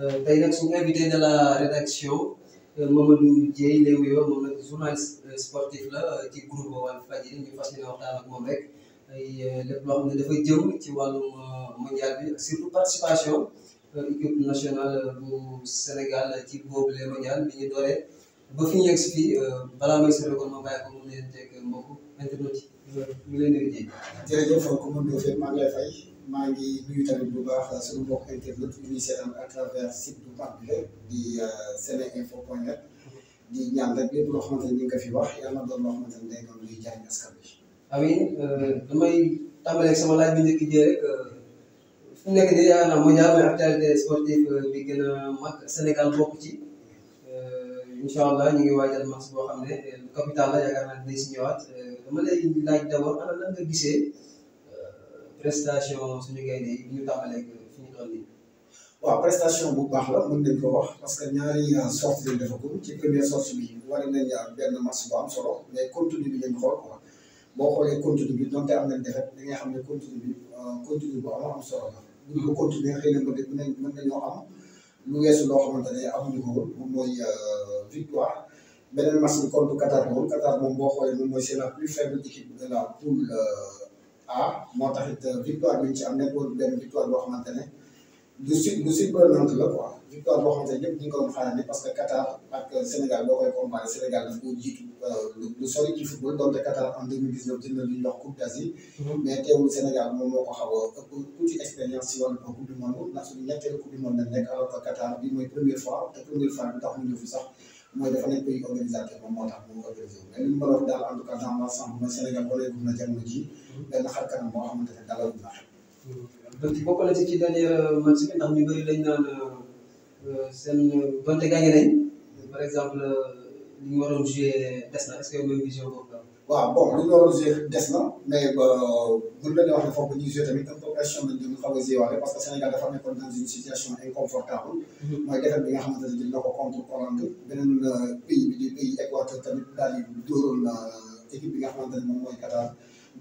Euh, tey nag suñu invité de la rédaction euh, Mamadou Dieye lay wuyoo moom nag journaliste euh, sportif la ci groupe Walfadjri ñu fas yéene waxtaan ak moom rek lépp loo ne dafa jëm ci wàllum mondial bi surtout participation équipe nationale bu Sénégal ci boobu le mondial ñu dooree ba fi ñu yegg si fii balaa may sori kon ma bàyyi ko mu leen teg mbokku internet yi ñu ngi leen di nuyu. jërëjëf Koungheul maa ngi lay fay. maa ngi nuyu tamit bu baax suñu mbokk internet yu ñuy seetaan à travers site bu baax bi di euh, seneinfo.net di ñaan rek lépp loo xamante ne ñu ngi ko fi wax yàlla doon loo xamante ne day euh, laaj bi njëkk jee rek euh, nekk nii yaakaar naa mondial a mag Sénégal bokk ci incha allah ñu ngi waajal match boo xam ne capital la yaakaar naa dinañ si ñëwaat dama lay laaj d'abord ana nan nga gisee. prestation suñu gaynde yi ñu tàmbalee fi ñu toll nii. waaw prestation bu baax la mën nañ ko wax parce que ñaar ñaari euh, sorties lañ dafa ko ci première sortie bi war nañ benn match bu am solo mais bi lañ boo xoolee contenu bi donte am nañ defet da ngay xam ne contenu bi euh, contenu bu am am solo la. bu ñu ko continuer am lu weesu loo xamante ne amuñu ko woon mooy euh, victoire beneen match bi contre Qatar xoolee moom mooy c'est la plus faible équipe de la poule. ah moo taxit euh, victoire bi ñu ci am nekkul benn victoire boo xamante ne lu si lu si bëri la quoi victoire boo xamante ne ñëpp ñu ngi ko doon xaarandi parce que Qatar ak euh, Sénégal boo koy comparé Sénégal daf ko jiitu euh, lu sori ci football donte Qatar en deux mille dix lu ñuy wax Coupe d'Asie mm-hmm. mais teewul Sénégal moom moo ko xaw a ëpp expérience si wàllu Coupe du Monde ndax suñu ñetteelu Coupe du Monde lañ nekk alors Qatar bi mooy première fois te première sax. mooy dafa nekk pays organisateur moom moo tax mu organisé mais li ñu mën a wax daal en tout cas dans l'ensemble mooy Sénégal waneegum na jamono ji mm-hmm. benn xar kanam boo xamante ne dalal na xel. a mm-hmm. bokk na ci ci dernier euh, match bi ndax ñu bëri dañ naan euh, euh, seen donte gagné nañ par exemple li ñu waroon joué des na est que yow waaw bon li loolu joué des na mais buñ euh, la ñu wax ne foofu ñuy joué tamit un peu pression lañ doon xaw a joué parce que Sénégal dafa nekkoon dans une situation inconfortable mhm. mooy defet bi nga xamante ne dina ko contre Hollande beneen euh, pays bi di pays Équateur tamit daal di dóoroon euh, équipe bi nga xamante moom mooy Qatar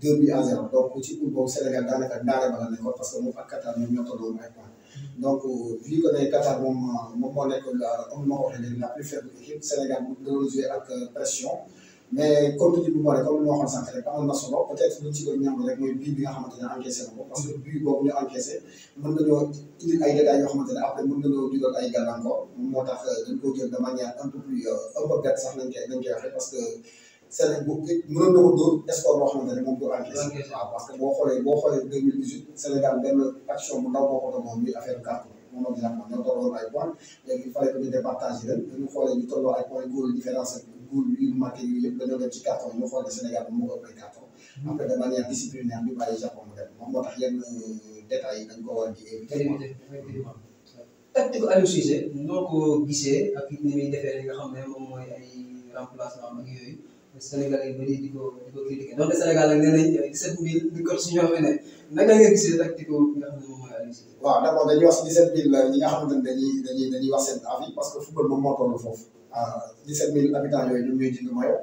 deux buts donc ci pour boobu Sénégal daanaka daare bala nekkoon parce que moom ak Qatar ñoom ñoo tolloon ay mhm. donc vu que ne moom moom moo nekk mais contenu bi moo rek comme li ma waxoon sànq rek amoon na solo peut être luñ ci doon ñàmb rek mooy bii bi nga xamante ne encaissé na ko parce que bii boobu ñu encaissé mën nañoo indil moo tax euh, dañ koo jël euh, que Sénégal bu mënoon na ko dóor espoir boo xamante ne moom du encaissé parce que boo xoolee boo xoolee 2018 Sénégal benn action bu ndaw boo ko doon muy affaire carte moom ak ay points léegi il fallait pour yu mag yi yëpp dañoo dem ci carton yi ñu xool Sénégal bi moo ko ëppee carton. après de manière disciplinaire ñu bàyyi Japon moom moo tax yenn euh, détails yi dañ ko war di éviter. tactique Aliou Cissé noo ko gisee ak ni muy defee nga xam ne moom mooy ay remplacement ak yooyu. Sénégal yi bëri di ko di ko critiqué donc Sénégal nag nee nañ nga gisee xam ne moom mooy Aliou Cissé. waaw d' dañuy wax 17000 la ñi nga xamante dañuy wax seen avis parce que football moom moo toll foofu. ah 17000 habitants yooyu ñoom ñooy jënd maillot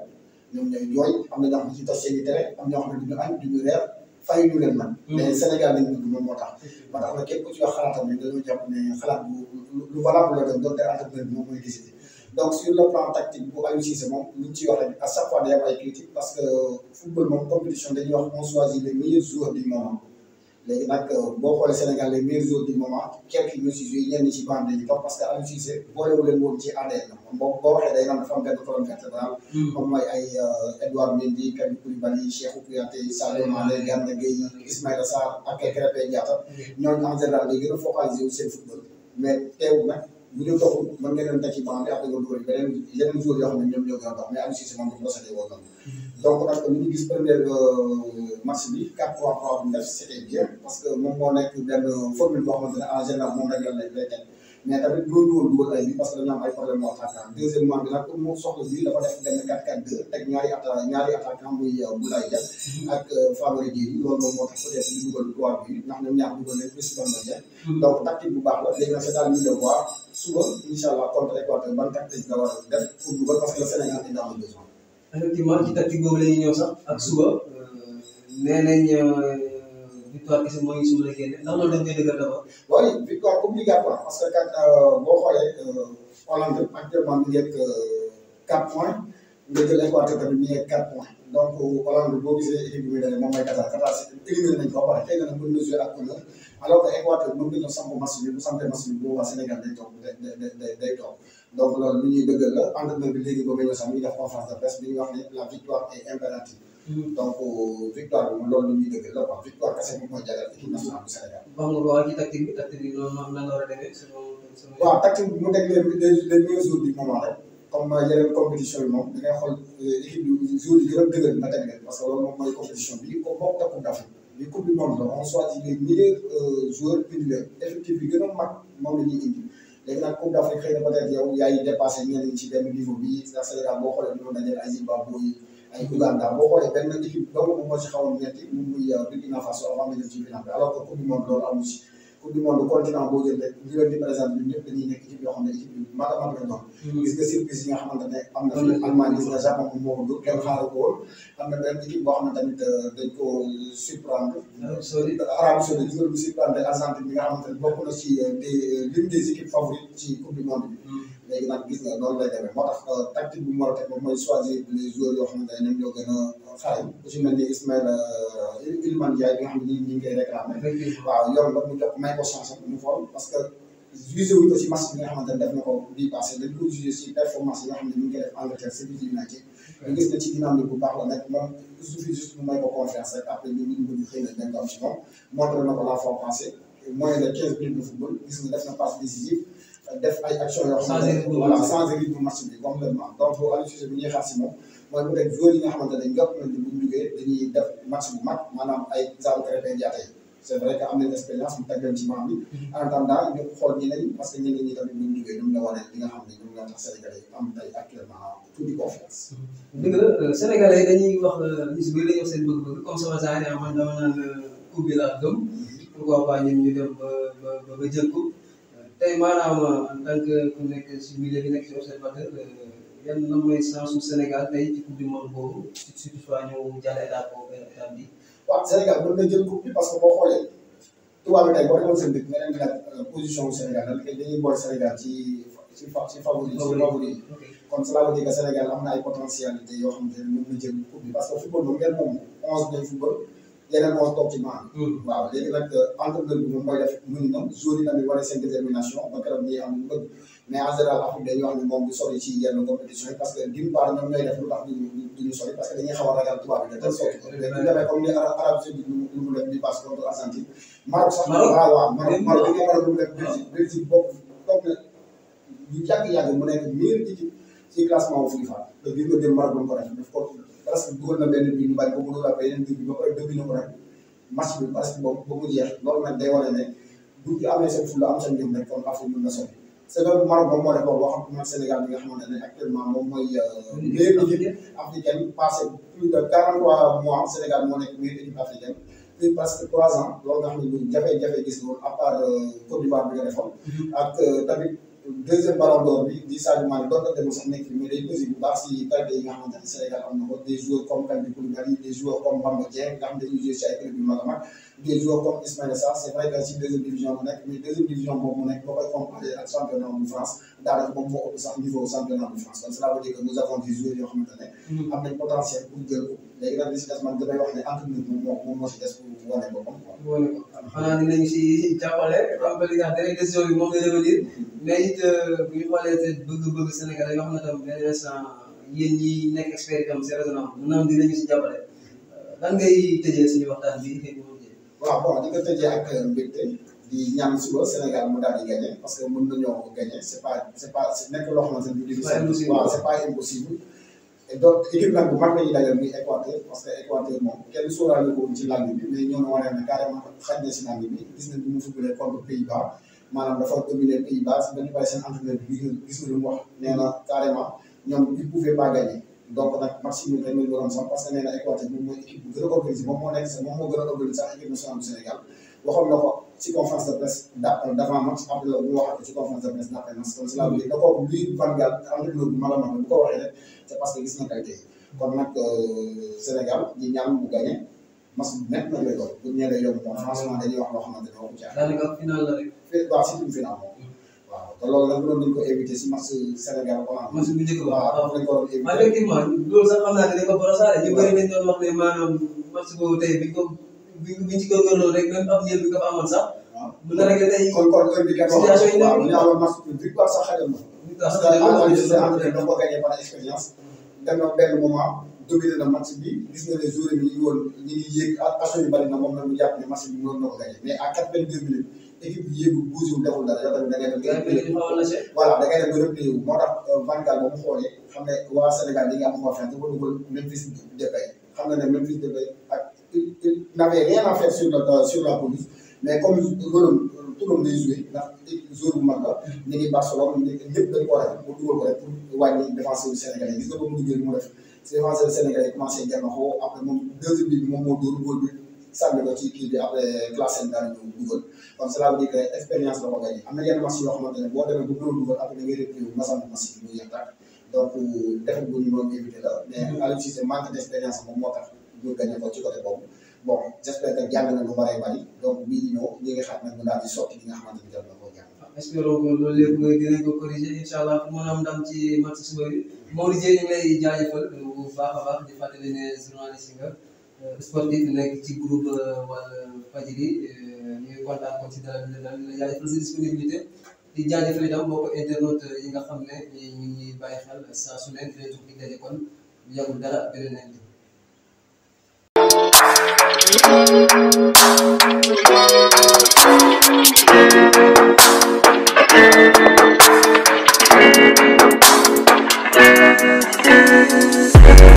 ñoom ñooy jooy am na xam ne ci tas seen i terrain am na ñoo xam ne duñu añ duñu reer fay ñu man. Hmm. mais Sénégal lañ dugg moom moo tax. moo tax nag képp ku ci wax xalaatam ne dañoo jàpp ne xalaat bu lu valable la doon doon te entrepreneur bi donc sur le plan tactique bu Aliou Cissé moom ñu wax rek chaque fois day am ay parce que football moom compétition dañuy wax on choisit les meilleurs joueurs du moment léegi nag euh, boo xoolee Sénégal les meilleurs joueurs du moment quelques ñoo yi parce que Aliou Cissé boolewu leen woon ci ADN moom boo boo waxee day naan dafa am benn problème vertébral. Hmm. moom mooy ay euh, Edouard Mendy Kalidou Koulibaly Cheikhou Kouyaté Sadio hmm. Mané Gana Gueye Ismaïla Sarr ak Krépin Diatta hmm. ñooñu en général day gën a focaliser wu seen football bu ñu toog mën ngeen dem teg ci banc bi après nga dugal beneen yeneen jours yoo xam ne ñoom ñoo gën a baax mais am si semence bi procédé woon noonu. donc nag ñu ngi gis premier euh, match bi 4 3 3 bu def c'était bien parce que moom moo nekk benn formule boo xamante ne en général moom rek la lay lay teg mais tamit loolu woon dugal ay bi parce que dañu am ay problème moo attaquant deuxièmement bi nag mu soxla bi dafa def benn 4 4 2 teg ñaari atta ñaari attaquant muy euh, Boulaye Dia ak euh, Famara Diéry loolu moom moo tax peut être ñu dugal 3 bi ndax ñoom ñaar dugal nañ plus Bamba Dia hmm. donc tactique bu baax la léegi nag c'est à lui de voir suba incha allah contre Équateur ban tactique nga war a def pour dugal parce que le Sénégal dina am besoin. effectivement ci tactique boobu la ñuy ñëw sax ak suba euh, nee nañ euh, victoire kese obligatoire parce que kat euh, boo xoolee Hollande actuellement mu ngi ak 4 points. nga jël Équateur tamit ñu nekk 4 points donc Hollande boo gisee équipe bi muy demee moom mooy Qatar Qatar si éliminé nañ ko ba pare xëy na nag mën na jouer ak Hollande alors que Équateur mën nañoo samp match bi bu sampee match bi boobu waa Sénégal day toog day day day toog donc loolu lu ñuy dëggal la entraîneur bi léegi ba Mignosa mi ngi def conférence de presse bi ñu wax ne la victoire est impérative. Hmm. donc victoire bi moom loolu lu ñuy dëggal la quoi victoire kese moom mooy jagal équipe nationale bu Sénégal. wax nga waaw ci tactique bi tactique bi noonu nan la war a demee selon. selon waaw tactique bi mu teg les les les meilleurs jours du moment rek. comme yeneen compétition yi moom da ngay xool euh, équipe yu jour yi gën a dëgër nga teg leen parce moom mooy compétition bi comme moom takku dafa mais coupe du monde la on choisit les meilleurs bi euh, gën a mag moom la ñuy indi léegi nag coupe d'Afrique xëy na peut-être yow yaay dépassé ñeneen ci benn niveau bi ndax Sénégal boo xoolee ñu doon dajale ay Zimbabwe yi ay Uganda boo xoolee benn équipe doomu moom moo ci xawoon ñetti moom muy euh, Burkina Faso avant nga jël ci final bi alors que coupe du monde loolu amu coupe du monde continent boo jël rek par exemple ñun ñëpp dañuy nekk équipe yoo xam ne équipe yu mag a mag lañ hmm. yi nga xamante ne am na fi hmm. Allemagne moom moo kenn xaaru ko woon am na benn équipe boo xam ne tamit euh, dañ koo surprendre. Ah, Arabie Saoudite gis nga lu surprendre Argentine bi nga xamante ne boo na ci euh, des euh, l'une des équipes favorites ci coupe du monde léegi nag gis nga loolu lay demee moo tax euh, tactique bi mu war a teg moom mooy choisir les joueurs yoo xamante ne ñoom ñoo gën a xarañ ku ci mel ni Ismaël euh, Iliman Ndiaye bi nga xam ne ñu ngi koy réclamé. waaw yoon ba mu jox may ko chance ak mu xool parce que jugé wuñ ko ci match bi nga xamante ne def na ko bii passé dañ ko jugé ci performance yi nga xam ne ñu ngi koy def Angleterre Sheffield United. ñu gis ne ci dynamique bu baax la nag moom il suffit juste mu may ko confiance rek après ñu ñu bëgg xëy na dañ ko am ci moom montré na ko la fois passée moins de quinze minutes de football gis nga def na passe décisive def ay action yoo xam ne voilà changer rythme nga xamante ne jàpp nañ ne bu ñu duggee dañuy def match que am si bëri mm-hmm. euh, euh, dañuy wax seen bëgg-bëgg comme sama euh, genre mm-hmm. ba ba ba jël tey maanaam euh, en tant que ku nekk si milieu bi nekk si observateur euh, yan lan mooy sens su Sénégal tey ci coupe du monde boobu surtout soit ñu jàll étape boobu benn na jël coupe parce que boo xoolee tubaab bi tey boo demoon seen dëkk nga leen laaj euh, position Sénégal dañ koy dañuy ci ci ci favori ci favori kon cela veut am na potentialité yoo xam te ne mën na jël coupe parce que football moom ngeen moom onze day football. keneen moo toog ci maanaam. Mm. waaw léegi nag euh, entrepreneur bi moom mooy def mën na jour yi war a seen détermination ba keroog ñuy am lu bëgg mais en général wax ne moom du sori ci yenn compétition yi parce que d'une part ñoom ñooy def lu tax duñu duñu parce que dañuy xaw a ragal tubaab yi de telle sorte que dañuy demee comme ni Arabie Saoudite lu mu def bi passe contre Argentine Maroc sax waaw li nga lu mu def Belgique Belgique bokk toog na ñu yàgg-yàgg mu nekk meilleure équipe ci classement wu FIFA te bii nga jël parce que dugal na benn bi ñu bari ba mu dugal beneen bi ba pare dëgg na ko nag match bi parce que boobu ba mu jeex loolu nag day wane ne bu ñu amee seen fulla am seen jëm rek kon affaire bi mën na sori. Sénégal Maroc moom moo def boo xam ne Sénégal bi nga xamante ne actuellement moom mooy. meilleure euh, équipe africaine passé plus de 43 mois Sénégal moo nekk meilleure équipe africaine. plus parce que 3 ans loolu nga xam ne lu jafe-jafe gis nga woon à part euh, Côte d'Ivoire bi nga defoon. Mm-hmm. ak euh, tamit. deuxième ballon d'or bi di Sadio Mané doon na demee sax nekk mais day pesé bu baax si qualité yi nga xamante ne Sénégal am na ko des joueurs comme Kalidou Koulibaly des joueurs comme Bamba Dieng nga xam dañuy jouer si ay club yu mag a mag des joueurs comme Ismaïla Sarr c' est vrai que si deuxième division mu nekk mais deuxième division boobu mu nekk boo koy comparé ak championnat bu France daanaka moom moo ëpp sax niveau championnat bu France donc cela veut dire que nous avons des joueurs yoo xamante ne. Mm. am nañ potentiel pour jël ko léegi nag li si des man damay wax ne entraîneur moom moo moom moo si des pour. wane ko wane si jàppale li nga xam ne décision bi moom la revenir mais it euh, bu ñu xoolee te bëgg-bëgg Sénégal yi nga xam ne tam benn instant yéen ñi nekk expert itam c'est raisonnable mun naa dinañu si jàppale euh, lan ngay tëjee suñu waxtaan di ko tëjee ak euh, ñaan suba Sénégal mu daal di gagné parce que mën nañoo gagné c'est pas nekk loo xamante ni. c'est pas impossible waaw c'est pas impossible. donc équipe nag bu mag la ñuy dajal Équateur parce que Équateur moom kenn sóoraale ko woon ci làng bi mais ñoo na waree ne carrément xaj na si làng bi gis nañ bi bi mu wax nee na carrément ñoom donc nag match yi dañ sax parce que Équateur moom mooy équipe a organisé moom moo nekk sax moom moo gën a organisé sax équipe nationale du Sénégal waxoon na ci conférence de presse d'avant match après loolu bu waxatee ci conférence de presse d'après match kon cela veut dire que kooku luy Vangal entraîneur bu mala bu ko waxee rek c'est parce que gis na qualité kon nag euh, Sénégal di ñaan mu gagné match bu nekk nag lay doon bu ñu ñëwee yomb moom franchement dañuy wax loo xamante ne waxu caa. daanaka final la rek. waaw surtout final moom. waaw te loolu nag mënoon nañu ko éviter si match Sénégal ko am. match bu njëkk ba waaw dañ ko doon éviter. effectivement loolu sax xam naa ne dañ ko borosaale. ñu bëri nañ doon wax ne maanaam match boobu tey bi ko. bi bi ci góorgóorloo rek même ab njël bi nga fa amoon sax. waaw mën na régler tey. kon kon kon bi kat situation yi nekk waaw waaw match victoire sax xajal na. victoire sax xajal na parce que Angleterre da ko gagné par expérience. dem na benn moment dominé na match bi gis na ne joueur bi ñu ngi woon ñu ngi yéeg action yu bari na moom la mu jàpp ne match bi ñu woon na ko gagné mais à quatre-vingt-deux minutes équipe bi yéegu bouse yu deful dara yow tamit da ngay dem. da ngay dem voilà da ngay dem ba replié wu moo tax euh, Van Gaal ba mu xoolee xam ne waa Sénégal ñi ngi am confiance te ko dugal Memphis Depay xam na ne Memphis Depay ak il n'avait rien à faire sur la sur la police mais comme loolu turam day bu mag la ñu ngi Barcelone ñëpp dañu ko war a mu bu Sénégalais gis nga ba mu liggéey mu def défenseur Sénégalais commencé jàmm xaw après moom deuxième bi moom moo dóor góor bi sànni ko ci kii bi après classé daal ñu dugal kon cela veut dire que expérience la ko gagné am na yenn match yoo xamante ne boo demee bu gën a dugal après da ngay répliqué masandu match bi muy yàqaat donc defal bu ñu doon éviter moo tax bon j'espère que jàng na lu bëree bëri donc bii di ñëw ñi xam ne mën naa di sotti li ah, a euh, a baax di fàttali ne journaliste nga euh, sportif nekk ci groupe Walfadjri ko ci yi nga xam ne ñu ngi bàyyi xel saa su ne dinañ toog di daje kon yàggul dara beneen Thank you.